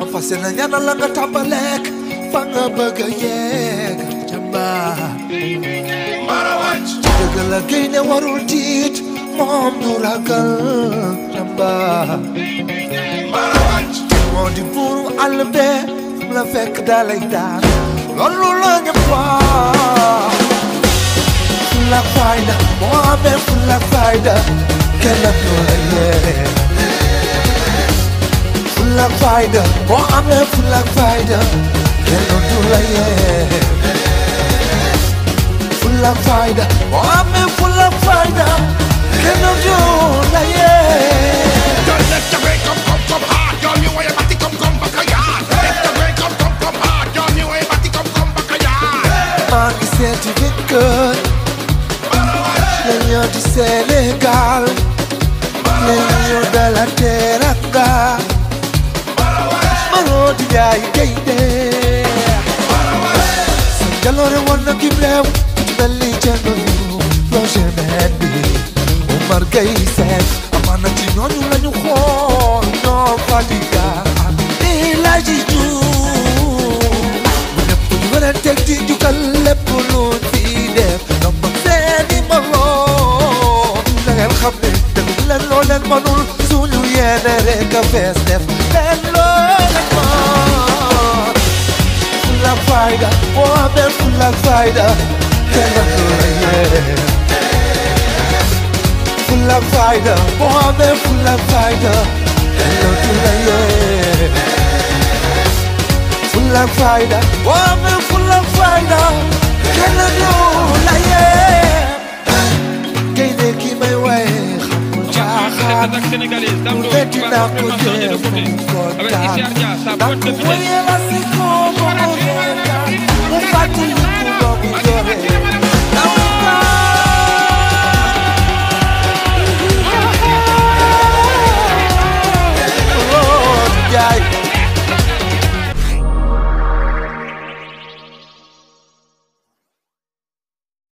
ma fas yéene ñaanal la nga tàmbaleek fa nga bëgg a yegg jàmbaar mara wàcc dëgg la génne warul tiit moom du ragal jàmbaar mara wàcc moo di buuru àll bee la fekk dalay daan loolu la ñëpp wax fulla fayda moo amee fulla fayda kenn du la yee fulla ak fayda boo amee fulla ak fayda kenn du la yee fulla ak fayda boo amee fulla ak fayda kenn du la yee dal def jafe kom kom kom haa doom ñu woye batti kom kom baka yaa def jafe kom kom kom haa doom ñu woye batti kom kom baka yaa maa ngi seeti jëkkër la ñoo di Sénégal la ñoo dala teranga moo di jaay gaynde jaloore woon na kim réew ci mel ni Thierno Loum projet meen bi Omar Gueye Seck amaana ci ñooñu la ñu xool ñoo Fadiga El Hadji Diouf bu ñëpp ñu war a teg di jukkal lépp lu fi def namba seeni mbooloo da ngeen xam ne dëgg leen loo leen mënul suñu vedere că peste de lor Fulla faida, oameni fulla faida Fulla faida, oameni fulla faida Fulla faida, oameni Sénégalais, Dando, Avec Isiar Dia, sa boîte de vitesse.